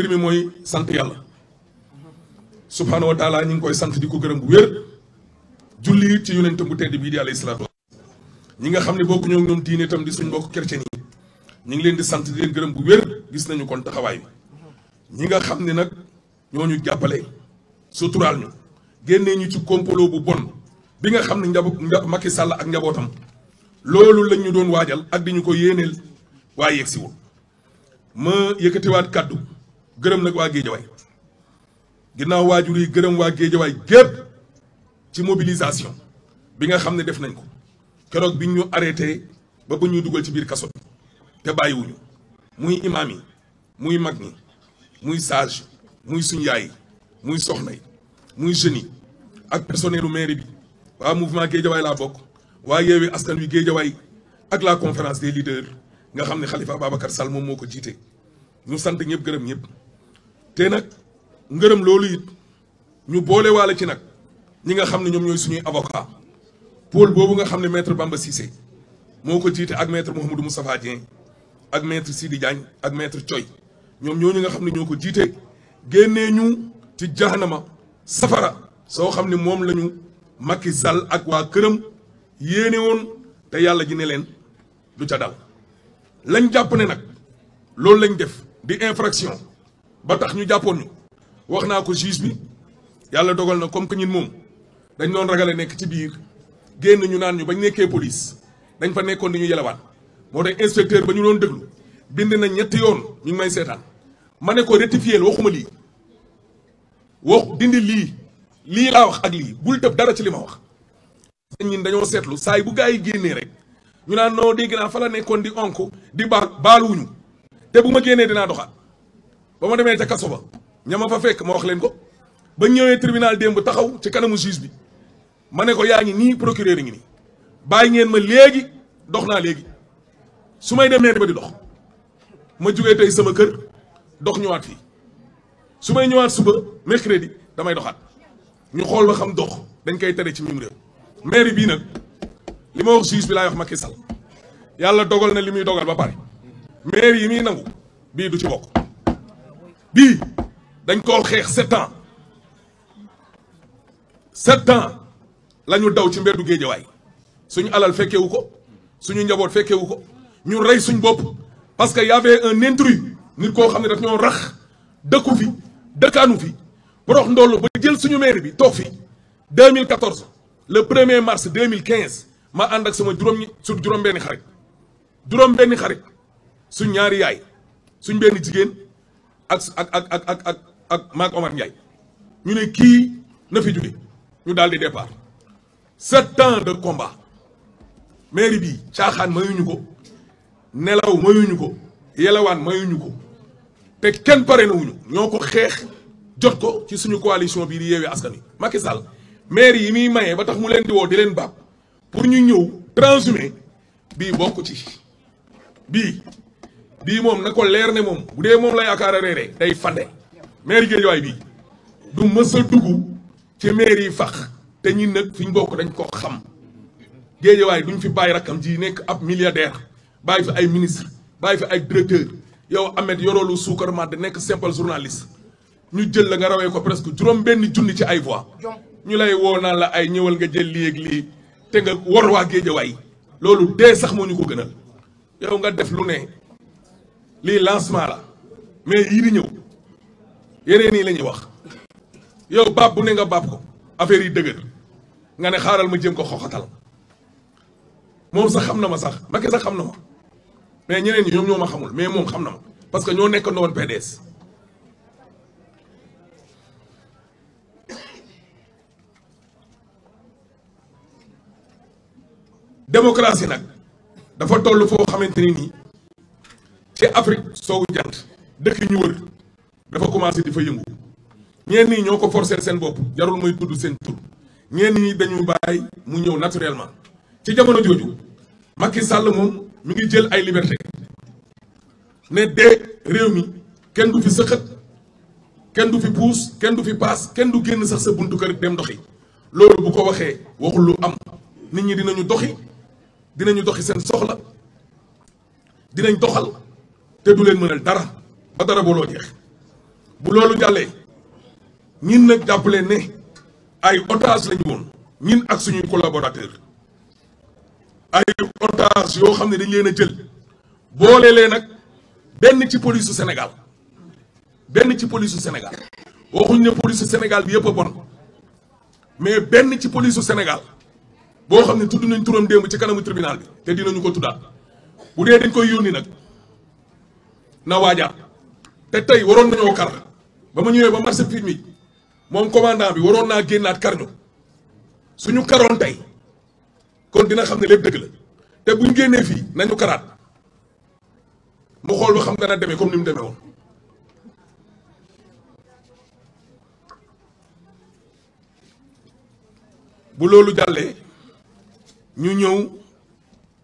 mbir mi mooy sant yàlla subhaanahu wa taala ñu sant di ko gërëm bu wér julli ci yonent bu tedd bii di alayhi salaatu ñi nga xam ne bokku ñoo ñoom diine tam di suñ mbokk chrétien yi ñu ngi leen di sant di leen gërëm bu wér gis nañu kon taxawaay bi ñi nga xam ni nag ñoo ñu jàppale suturaal ñu génnee ñu ci complot bu bon bi nga xam ne njab Macky sàll ak njabootam loolu lañ ñu doon waajal ak di ñu ko yéeneel waaye yegsiwul ma yëkkatiwaat kàddu gërëm nag waa Géejawaay ginnaaw waajur yi gërëm waa Géejawaay gépp ci mobilisation bi nga xam ne def nañ ko keroog bi ñu arrêté ba bu ñuy dugal ci biir kaso bi te bàyyiwuñu muy imaam muy mag ñi muy sage muy suñu yaay muy soxna muy jeunes ak personnelu mairie bi waa mouvement Géejawaay la bokk waa yeewee askan wi Géejawaay ak la conférence des leaders nga xam ne Khalifa Ababacar Sall moom moo ko jiite ñu sant ñëpp gërëm ñëpp. te nag ngërëm loolu it ñu boole waale ci nag ñi nga xam ne ñoom ñooy suñuy avocat pôle boobu nga xam ne maître Bamba Cissé moo ko jiite ak maître Mouhamadou Moustapha Dieng ak maître Sidi Diagne ak maître Thioy ñoom ñoo ñu nga xam ne ñoo ko jiite génnee ñu ci jahanama safara soo xam ne moom lañu ñu Macky Sall ak waa këram yéene woon te yàlla ji ne leen du ca dal lañ jàpp ne nag loolu lañ def di infraction ba tax ñu jàppoon ñu wax naa ko juge bi yàlla dogal na comme que ñun moom dañ doon ragale nekk ci biir génn ñu naan ñu bañ nekkee police dañ fa nekkoon di ñu yelewaan moo de inspecteur ba ñu doon déglu bind na ñetti yoon ñu may seetaan ma ne ko rectifier waxuma lii wax dindi lii lii laa wax ak lii bul tëb dara ci li ma wax. ñun dañoo seetlu saa yi bu gaa yi génnee rek ñu naan non dégg naa fa la nekkoon di onk di baal baaluwuñu te bu ma génnee dinaa doxaat. ba ma demee ca kaso ba ña ma fa fekk ma wax leen ko ba ñëwee tribunal démb taxaw ci kanamu juge bi ma ne ko yaa ngi nii procureur yi ngi nii bàyyi ngeen ma léegi dox naa léegi su may demee ba di dox ma jugee tey sama kër dox ñëwaat fii su may ñëwaat suba mercredi damay doxaat ñu xool ba xam dox dañ koy tere ci mim réew. mairie bii nag li ma wax juge bi laay wax Macky Sall yàlla dogal na li muy dogal ba pare mairie yi muy nangu bii du ci bokk. bii dañ koo xeex sept ans sept ans lañu daw ci mbeddu géejawaay suñu alal fekkewu ko suñu njaboot fekkewu ko ñu rey suñ bopp parce que y avait un intrus nit koo xam ne daf ñoo rax dëkku fi dëkkaanu fi porox ndollu ba jël suñu maire bi toog fi 2014 le premier mars 2015 ma ànd ak sama juróom su juróom benni xarit juróom benni xarit suñ ñaari yaay suñ benn jigéen ak ak ak ak ak ak ak maag Omar Ndiaye ñu ne kii na fi jóge ñu daal di départ sept ans de combat mairie bi caaxaan mayuñu ko nelaw mayuñu ko yelawaan mayuñu ko te kenn pare na wuñu ñoo ko xeex jot ko ci suñu coalition bii di yeewee askan wi Macky Sall mairie yi muy mayee ba tax mu leen di woo di leen baab pour ñu ñëw transhumé bii bokk ci bii bii moom na ko leer ne moom bu dee moom la yaakaar a reeree day fande mairie Guédiawaye bii du mësa a dugg ci mairie yi fax te ñun nag fi bokk dañ ko xam Guédiawaye duñ fi bàyyi rakkam ji nekk ab milliardaire bàyyi fi ay ministre bàyyi fi ay directeur yow Ahmed yoroolu suukar madd nekk simple journaliste ñu jël la nga rawee ko presque juróom benn junni ci ay voix ñu lay woo naan la ay ñëwal nga jël lii ak lii te nga war waa Guédiawaye loolu dee sax moo ñu ko gënal yow nga def lu ne lii lancement la mais yii di ñëw yeneen yi la ñuy wax yow baab bu ne nga baab ko affaire yi dëgër nga ne xaaral ma jëm ko xoxatal moom sax xam na ma sax Macky sax xam na ma mais ñeneen ñi ñoom ñoo ma xamul mais moom xam na ma parce que ñoo nekkandoo woon PDS. démocratie nag dafa toll foo xamante ni nii. ci Afrique soowu jant dëkk ñu wër dafa commencé di fa yëngu ñeen ñi ñoo ko forcer seen bopp jarul mooy tudd seen tur ñeen ñi dañu bàyyi mu ñëw naturellement ci jamono jooju Macky Sall moom mu ngi jël ay liberté ne de réew mi kenn du fi sëqat kenn du fi puus kenn du fi paas kenn du génn sax sa buntu kër dem doxi loolu bu ko waxee waxul lu am nit ñi dinañu doxi dinañu doxi seen soxla dinañ doxal te du leen mënal dara ba dara booloo jeex bu loolu jàllee ñin nag jàppale ne ay otage lañu woon ñin ak suñuy collaborateur ay otage yoo xam ne dañ leen a jël boole leen nag benn ci police su benn ci police su Sénégal waxuñ ne police su bi yëpp a bon mais benn ci police su boo xam ne tudd nañ turam démb ci kanamu tribunal bi te dinañu ko tuddaat bu dee dañ koy yónni nag. na waajaat te tey waroon nañoo kar ba ma ñëwee ba marché filmique moom commandant bi waroon naa génnaat karñu suñu karoon tey kon dina xam ne lépp dëgg la te buñ génnee fii nañu karaat mu xool ba xam dana demee comme ni mu demee woon bu loolu jàllee ñu ñëw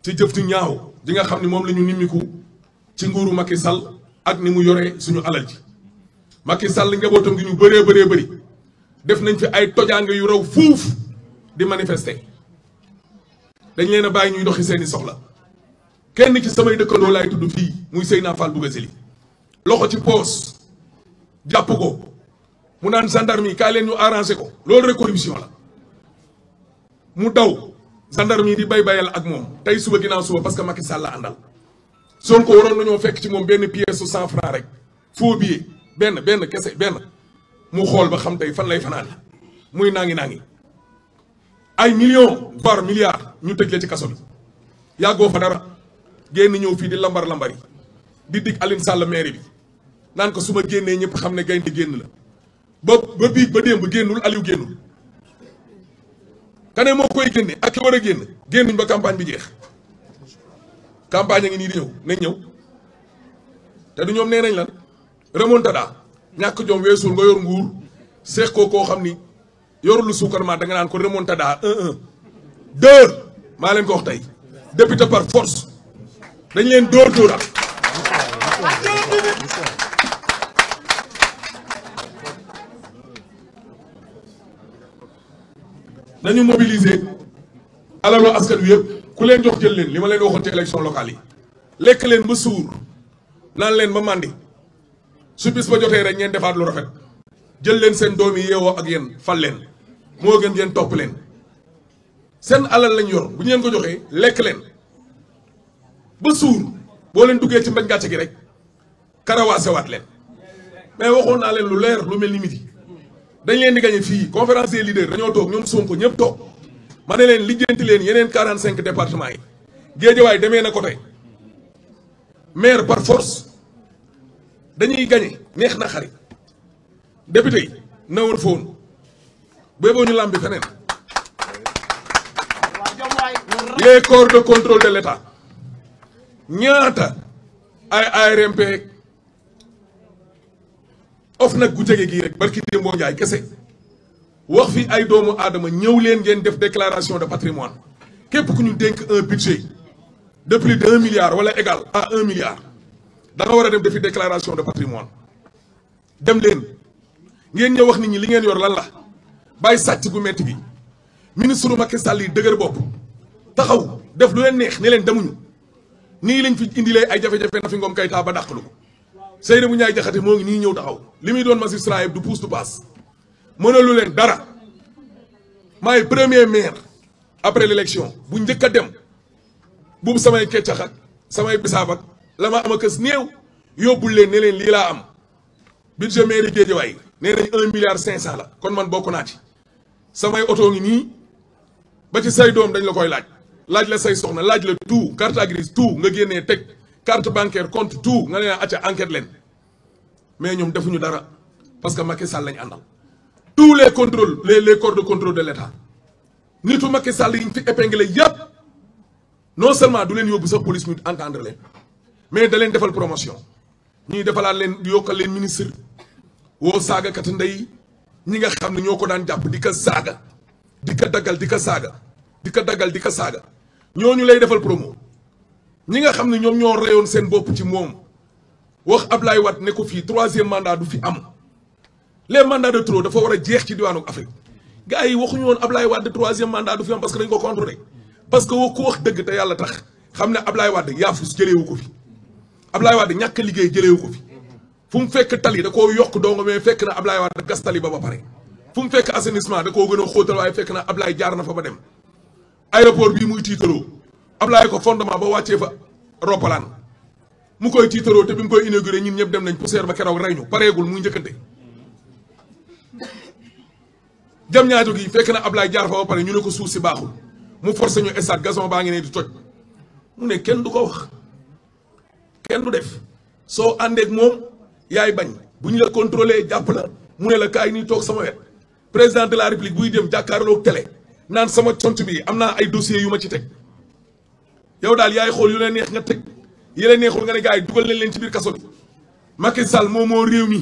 ci jëf ci ñaaw di nga xam ne moom la ñu nimiku ci nguuru Macky Sall ak ni mu yoree suñu alal ji Macky Sall njabootam gi ñu bëree bëree bëri def nañ fi ay tojaange yu raw fuuf di manifester dañ leen a bàyyi ñuy doxi seeni soxla kenn ci samay dëkkandoo lay tudd fii muy Seyna Fall Bougazelli loxo ci poos jàpp ko mu naan gendarme yi kaay leen ñu arrangé ko loolu rek la mu daw gendarme yi di bay bayal ak moom tey suba ginnaaw suba parce que Macky Sall la àndal Sonko waroon nañoo fekk ci moom benn pièce su cent franc rek foo billet benn benn kese benn mu xool ba xam tey fan lay fanaan muy naangi naangi ay millions voire milliards ñu tëj la ci kaso bi yàggoo fa dara génn ñëw fii di lambar lambari di dig Aline Sall maire bi naan ko su ma génnee ñëpp xam ne gaynde génn la ba ba biig ba démb génnul Aliou génnul. kane moo koy génne ak ki war a génn génnuñ ba campagne bi jeex. campagne a ngi nii di ñëw nañ ñëw te du ñoom nee nañ lan remontada ñàkk jom weesul nga yor nguur seex ko koo xam ni yorul suukar ma da nga naan ko remontada un maa leen ko tey député par force dañ leen dóor dóora dañu mobiliser alalu askan wi yëpp ku leen jox jël leen li ma leen waxoon ci élection locale yi lekk leen ba suur naan leen ba màndi su bis ba jotee rek ngeen defaat lu rafet jël leen seen doom yi yeewoo ak yéen fal leen moo gën ngeen topp leen seen alal lañu yor bu ñu leen ko joxee lekk leen ba suur boo leen duggee ci mbañ gàcce gi rek karawaase waat leen mais waxoon naa leen lu leer lu mel ni midi dañ leen di gagné fii conférence des leaders dañoo toog ñoom Sonko ñëpp toog ma ne leen lijjanti leen yeneen 45 départements yi géejawaay demee na ko tey maire par force dañuy gañe neex na xarit député yi nawoon foon béboo ñu làmbi feneen les corps de contrôle de l'État ñaata ay ARMP of nag gu jege gii rek barki démboo kese wax fi ay doomu aadama ñëw leen ngeen def déclaration de patrimoine képp ku ñu dénk un budget de plus de un milliard wala égal à un milliard da war a dem defi déclaration de patrimoine dem leen ngeen ñëw wax nit ñi li ngeen yor lan la bàyyi sàcc gu metti bi ministre Macky Sall yi dëgër bopp taxaw def lu leen neex ni leen demuñu nii lañ fi indilee ay jafe-jafe na fi ngoom kay taa ba dàqalu ko Seydou bu ñaay jaxate moo ngi nii ñëw taxaw li muy doon magistrat yëpp du pousse du passe mënalu leen dara maay premier maire après l'élection bu njëkk a dem buubu samay keccax ak samay bisaab ak la ma am a kës néew yóbbul leen ne leen lii laa am budget mairie Guédiawaye nee nañ un milliard cinq cent la kon man bokk naa ci samay oto ngi nii ba ci say doom dañ la koy laaj laaj la say soxna laaj la tout carte grise tout nga génnee teg carte bancaire compte tout nga ne naa acca enquête leen mais ñoom defuñu dara parce que Macky Sall lañ àndal tous les contrôles les les corps de contrôle de l'État nit Macky Sall yi ñu fi épinglé yépp non seulement du leen yóbbu sax police mu entendre leen mais da leen defal promotion ñuy defalaat leen yokkal leen ministre woo saaga kat ndey ñi nga xam ne ñoo ko daan jàpp di ko saaga di ko daggal di ko saaga di ko daggal di ko saaga ñooñu lay defal promo ñi nga xam ne ñoom ñoo reyoon seen bopp ci moom wax Ablaye wat ne ko fii troisième mandat du fi am les mandats de trop dafa war a jeex ci diwaanu Afrique gars yi waxuñu woon Ablaye Wade troisième mandat du fi am parce que dañ ko contrôlé parce que woo ku wax dëgg te yàlla tax xam ne Ablaye Wade yaafus jëleewu ko fi Ablaye fu mu fekk tali da koo yokk dong mais fekk na Ablaye Wade gas tali ba ba pare fu mu fekk assainissement da koo gën a xóotal waaye fekk na Ablaye jaar na fa ba dem aéroport bii muy tiitaroo Ablaye ko fondement ba wàccee fa roppalaan mu koy tiitaroo te bi mu koy inauguré ñun ñëpp dem nañ poussière ba keroog rey ñu pareegul muy jam ñaato gi fekk na Ablaye jaar fa ba pare ñu ne ko suuf si baaxul mu forcé ñu stade gazon baa ngi ne di toj mu ne kenn du ko wax kenn du def soo àndeek moom yaay bañ bu ñu la contrôlé jàpp la mu ne la kaay nii toog sama wet président de la république buy dem jàkkaarloog télé naan sama cont bi am naa ay dossiers yu ma ci teg yow daal yaay xool yu leen neex nga teg yi leen neexul nga ne gars yi dugal leen leen ci biir kaso bi Macky Sall moom réew mi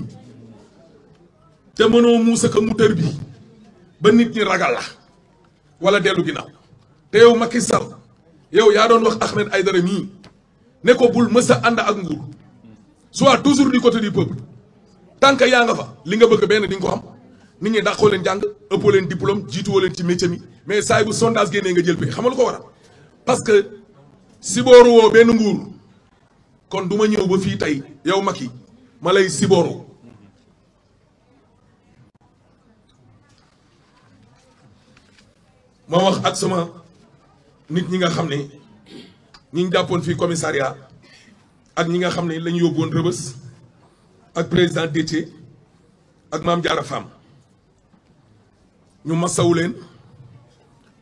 te mënoo muusa bi ba nit ñi ragal la wala dellu ginnaaw te yow Macky Sall yow yaa doon wax Ahmed Aïdara mii ne ko bul mës a ànd ak nguur soit toujours du côté du peuple tant que yaa nga fa li nga bëgg benn di nga ko xam nit ñi dàqoo leen jàng ëppoo leen diplôme jiituwoo ci métier mi mais saa bu sondage génnee nga jël fee xamal ko waral parce que sibooru woo benn nguur kon du ma ñëw ba fii tey yow Macky ma lay sibooru moo wax ak suma nit ñi nga xam ne ñi jàppoon fii commissariat ak ñi nga xam ne la ñu yóbbuwoon rëbës ak président Déthié ak maam Diarra Fam ñu masawu leen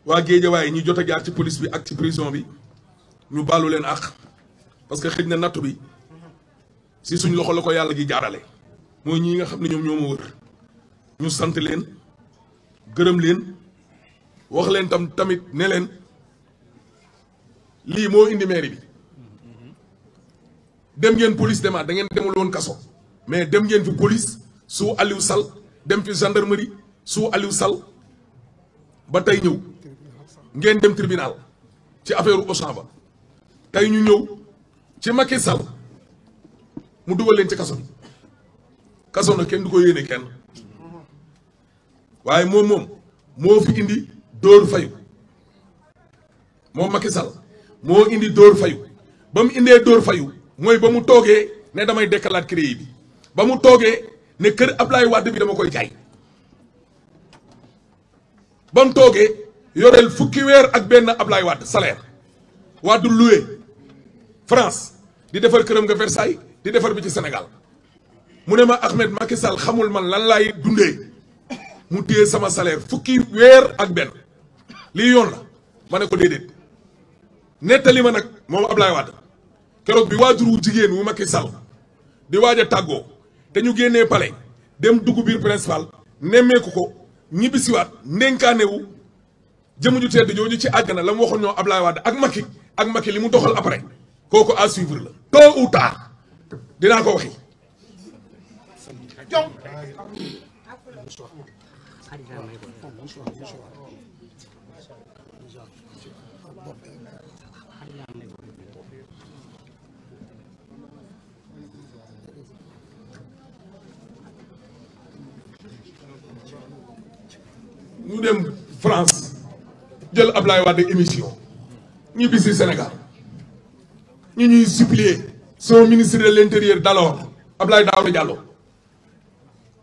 waa Géejawaay ñi jot a jaar ci police bi ak ci prison bi ñu baalu leen àq parce que xëj na nattu bi si suñ loxo la ko yàlla ji jaarale. mooy ñi nga xam ne ñoom ñoo ma wër ñu sant leen gërëm leen. wax leen tam tamit ne leen lii moo indi mairie bi dem ngeen police demaat da ngeen demul woon kaso mais dem ngeen fi police su Aliou sal dem fi gendarmerie su Aliou sal ba tey ñëw ngeen dem tribunal ci affaire Auchan ba tey ñu ñëw ci Macky sal mu dugal leen ci kaso bi kaso na kenn du ko yéene kenn waaye moom moom moo fi indi dóor fayu moom Macky moo indi dóor fayu ba mu indee dóor fayu mooy ba mu toogee ne damay dekkalaat crédit bi ba mu toogee ne kër Ablaye Wade bi dama koy jaay ba mu toogee yoreel fukki weer ak benn Ablaye Wade salaire Wade loué France di defar këram nga Versailles di defar bi ci senegal mu ne ma Ahmed Macky Sall xamul man lan laay dundee mu téye sama salaire fukki weer ak benn lii yoon la ma ne ko déedéet nettali ma nag moom ab Ablaye Wade keroog bi waajuru jigéen wu makki Sall di waaja a tàggoo te ñu génnee palais dem dugg biir principal nemmeeku ko ñibbisiwaat ndénkaane wu jëmm ju tedd jooju ci àjjana la mu waxoon ñoo Ablaye Wade ak Macky ak Macky li mu doxal après kooku à suivre la. tôt ou dinaa ko waxi. xarit daal may boole. xarit ñu dem France jël Ablaye Wade émission ñu bisi Sénégal ñu ñuy supplier son ministre l'intérieur d'alors Ablaye Daouda Diallo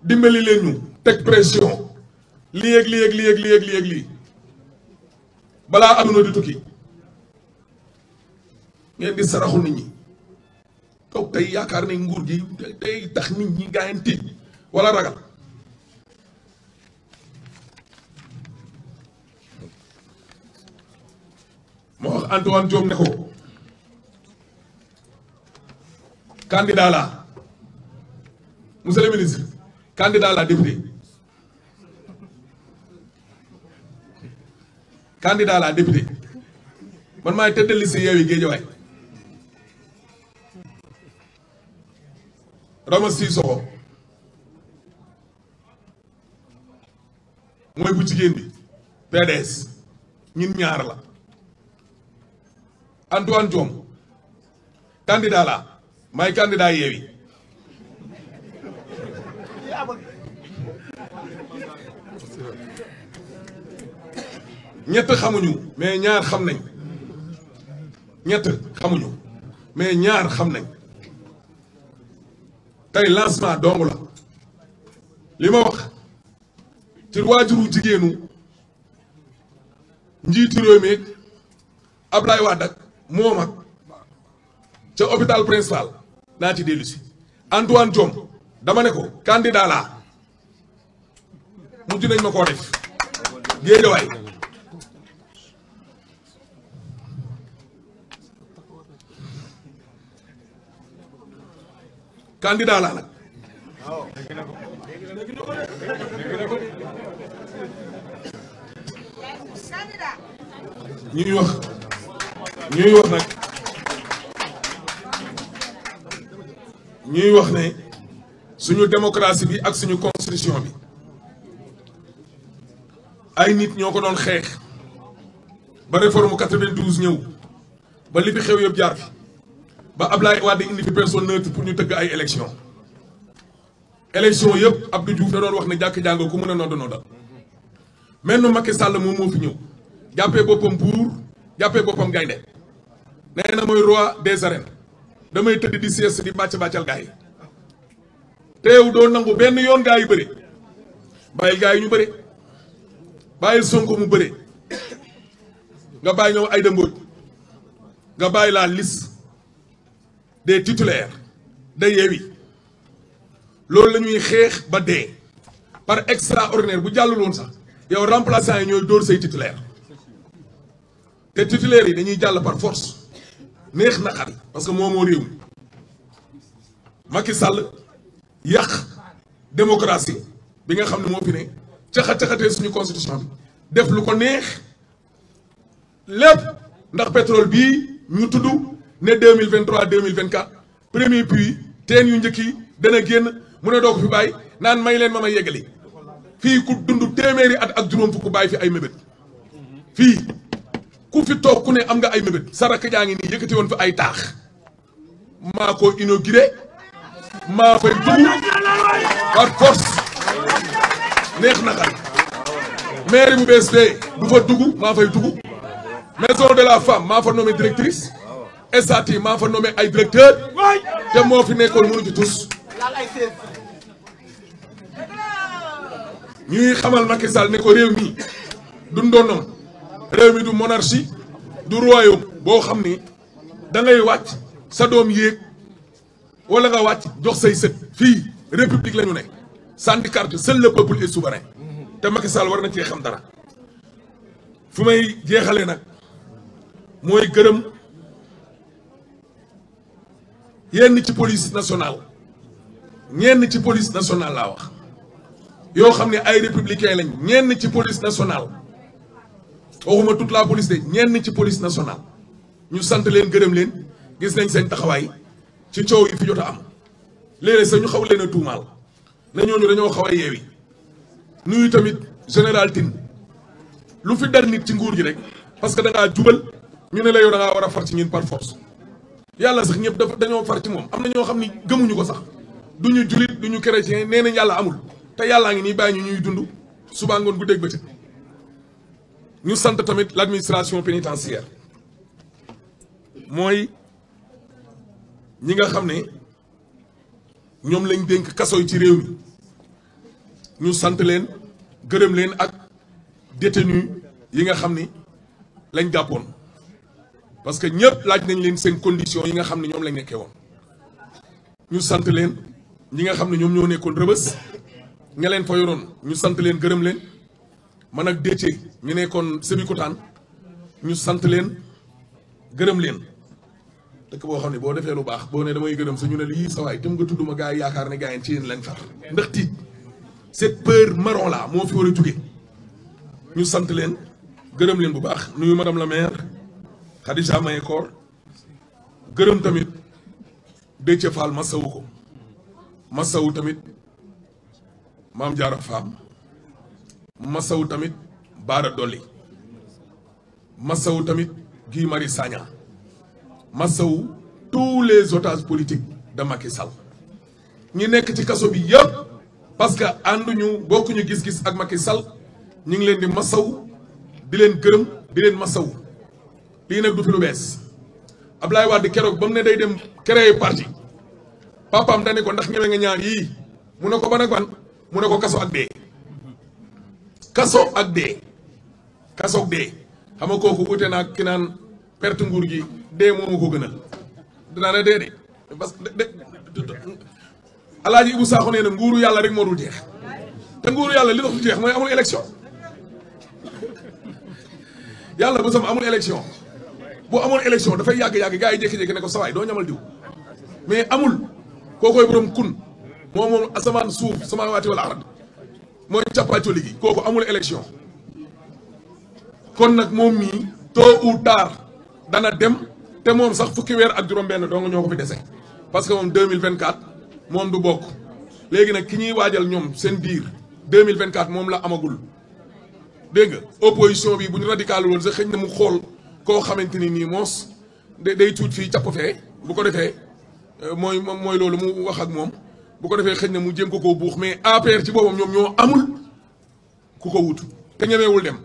dimbali leen teg pression lii ak lii ak lii ak lii ak lii balaa aduna di tukki ngeen di saraxu nit ñi toog tey yaakaar ne nguur gi day tax nit ñi gaayen tiit wala ragal moo wax Antoine Diome ne ko candidat la monsieur ministre candidat la candidat la député man maay tëdd liste Yewwi Guédiawaye Rama Cissokho mooy bu jigéen bi PDS ñun ñaar la Antoine Diome candidat la maay candidat Yewwi ñett xamuñu mais ñaar xam nañ ñett xamuñu mais ñaar xam nañ tey lancement dong la li ma wax ci waajuru jigéenu njiitu réew mi Ablaye Wade ak moom ak ca hôpital principal naa ci dellu si Antoine Diome dama ne ko candidat laa nañ ma koo def géejawaay candidat laa nag ñuy wax ñuy wax nag ñuy wax ne suñu démocratie bi ak suñu constitution bi ay nit ñoo ko doon xeex ba réforme 92 ñëw ba li xew yëpp jaar fi ba Ablaye Wade indi fi personne neutre pour ñu tëgg ay élection élection yëpp Abdou Diouf da doon wax ne jàkk jàng ku mën a nodd noddal mel nu Macky Sall moom moo fi ñëw jàppee boppam buur jàppee boppam gaynde nee na mooy roi des arènes damay tëdd di sieste di bàcc bàccal gars yi teew doo nangu benn yoon gars yi bëri bàyyil gars ñu bëri bàyyil Sonko mu bëri nga bàyyi ñoom ay Mbodj nga bàyyi laa lis des titulaires de Yewwi loolu la ñuy xeex ba dee par extraordinaire bu jàllul woon sax yow remplaçant yi ñooy dóor say titulaire te titulaire yi dañuy jàll par force neex na xar parce que moomoo réew mi Macky Sall yàq démocratie bi nga xam ne moo fi ne caxa caxatee suñu constitution bi def lu ko neex lépp ndax pétrole bii ñu tudd. ne 2023 2024 premier puits teen yu njëkk yi dana génn mun a doo ko fi bàyyi naan may leen ma ma yeggali fii ku dund téeméeri at ak juróom fukk bàyyi fi ay mébét fii ku fi toog ku ne am nga ay mébét saraka jaa nii yëkkati woon fi ay taax maa ko inauguré maa fay dugg par force neex na mairie bu bees bee du fa dugg maa fay dugg maison de la femme maa fa nommé directrice estat yi maa fa nommé ay directeur te moo fi nekkoon mënu ci tus ñuy xamal Macky Sall ne ko réew mi du ndonoom réew mi du monarchie du royaume boo xam ni dangay ngay wàcc sa doom yéeg wala nga wàcc jox say sët fii république la ñu ne sandicarte seul le peuple est souverain te Macky Sall war na cee dara fu may jeexalee nag mooy gërëm yenn ci police nationale ñenn ci police nationale laa wax yoo xam ne ay républicain lañ ñenn ci police nationale waxuma toute la police ñenn ci police nationale ñu sant leen gërëm leen gis nañ seen taxawaay ci coow yi fi jot a am léeg-léeg xaw leen a tuumaal na ñooñu dañoo xaw a yeewi nuyu tamit général Tine lu fi dar nit ci nguur gi rek parce que da ngaa jubal ñu ne la yow da ngaa war a far ci ñun par force. yàlla sax ñëpp dafa dañoo far ci moom am na ñoo xam ni gëmuñu ko sax duñu julit duñu chrétien nee nañ yàlla amul te yàllaa ngi nii bàyyi ñuy dundu suba ngoon guddeeg bëccëg ñu sant tamit l'administration pénitentiaire mooy ñi nga xam ñoom lañ dénk kasoy ci réew ñu sant leen gërëm leen ak détenu yi nga xam ni lañ jàppoon parce que ñëpp laaj nañ leen seen condition yi nga xam ne ñoom lañ nekkee woon ñu sant leen ñi nga xam ne ñoom ñoo nekkoon rëbës ña leen fa yoroon ñu sant leen gërëm leen man ak Déthié ñu nekkoon Sébikotane ñu sant leen gërëm leen dëkk boo xam ne boo defee lu baax boo ne damay gërëm sa ñu ne lii sa waay itam nga tudd ma gars yaakaar ne gars yi ci yéen lañ far ndax tiit cette peur marron là moo fi war a jóge ñu sant leen gërëm leen bu baax nuyu madame la maire. Khadija maye koor gërëm tamit Déthié Fall masawu ko masawu tamit Maam Jaara Faam masawu tamit Baara Dolli masawu tamit Guy mari Sagna masawu tous les otages politiques de Macky Sall ñi nekk ci kaso bi yëpp parce que ànduñu bokkuñu gis-gis ak Macky Sall ñu ngi leen di masawu di leen gërëm di leen masawu lii nag du fi lu bees Ablaye Wade keroog ba ne day dem créer parti papaam dani ko ndax ñeme nga ñaar yii mu ne ko ban ak mu ne ko kaso ak dee kaso ak dee kaso ak dee xam nga kooku ute naa ki naan perte nguur gi dee moomu ko gënal dinaa ne dee de parce que de alaaji Ibu nguuru yàlla rek moo dul jeex te nguuru yàlla li dox du jeex mooy amul élection yàlla ba sama amul élection boo amoon élection dafay yàgg-yàgg gars yi jékki-jékki ne ko sawaay doo ñamal diw mais amul kookoy borom kun moom asamaan suuf samaawaati wala ard mooy càppaacoo liggéey kooku amul élection kon nag moom mii tôt ou tard dana dem te moom sax fukki weer ak juróom-benn dong ñoo ko fi dese parce que vingt 2024 moom du bokk léegi nag ki ñuy waajal ñoom seen biir 2024 moom la amagul dégg nga opposition bi bu ñu radical sax xëy na mu xool koo xamante ni nii moos de day tuut fii cap fee bu ko defee euh, mooy mooy loolu mu wax ak moom bu ko defee xëñ na mu jéem ko ko buux mais APR ci boppam ñoom ñoo amul ku ko wut te ñemeewul dem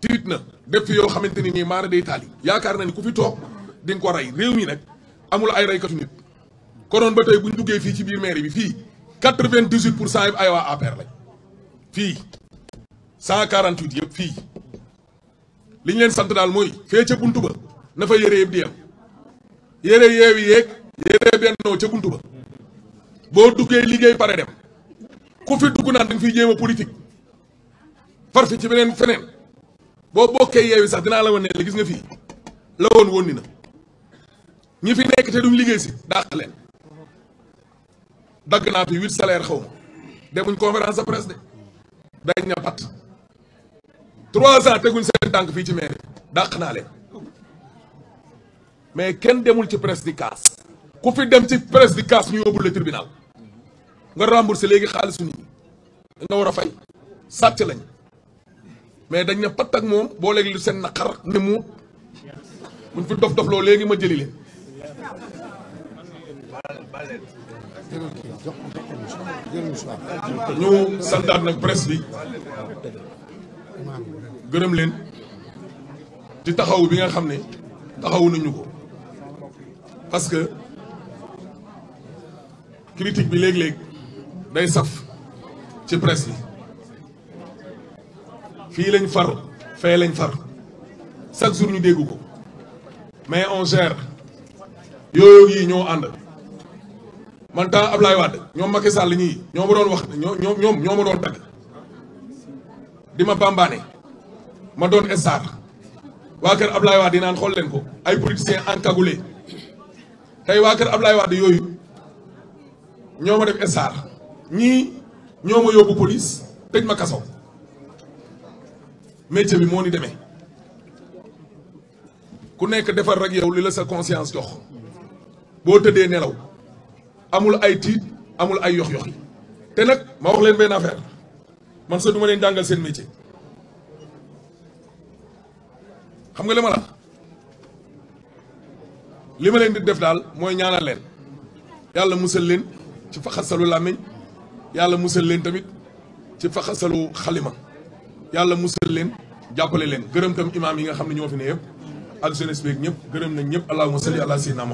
tiit na def fi yoo xamante ni nii maara day taali yaakaar na ni ku fi toog di ko rey réew mi nag amul ay rey reykatu nit konoon ba tey bu ñu duggee fii ci biir mairie bi fii quatre-vingt-dix-huit pour cent yëpp ay waa APR lañ fii cent quarante-huit yëpp fii li ñu leen sant daal mooy fee ca buntu ba na fa yére yëpp di yem yére yeewi yeeg yére bennoo ca buntu ba boo duggee liggéey pare dem ku fi dugg naan da nga fiy jéem a politique far fi ci beneen feneen boo bokkee yeewi sax dinaa la wane ne gis nga fii la woon woon na ñi fi nekk te duñ liggéey si dàq leen dagg naa fi huit salaire xaw ma demuñ conférence de presse de dañ na pat trois ans teguñ seen tànk fii ci mairie dàq naa leen mais kenn demul ci presse di kaas ku fi dem ci presse di kaas ñu yóbbu le tribunal nga remboursé léegi xaalisu nit ñi war a fay sàcc lañ mais dañ ne patt moom boo léegi lu seen naqar ne mu buñ fi dof dof loo léegi ma jëli leen ñu santaat nag presse bi gërëm leen ci taxaw bi nga xam ne taxawu nañu ko parce que critique bi léeg-léeg day saf ci presse bi fii lañ far fee lañ far chaque jour ñu dégg ko mais on gère yooyu yi ñoo ànd man temps Ablaye Wade ñoom Macky Sall ñii ñoo ma doon wax ñoo ñoom ñoo ma doon tagg li ma bambaane ma doon star waa kër waa di naan xool leen ko ay politiciens encagoulés tey waa kër Ablaye di yooyu ñoo ma def star ñii ñoo ma yóbbu police tëj ma kaso métier bi moo ni demee ku nekk defar rek yow li la sa conscience jox boo tëddee nelaw amul ay tiit amul ay yox yox yi te nag ma wax leen benn affaire. man sax du ma leen jàngal seen métier xam nga li ma li ma leen di def daal mooy ñaanal yàlla musal leen ci faxasalu làmmiñ yàlla musal leen tamit ci faxasalu xalima yàlla musal leen jàppale leen gërëm tam imaam yi nga xam ne ñoo fi ne yëpp ak jeunesse beeg ñëpp gërëm nañ ñëpp allahumma salli ala sayyidina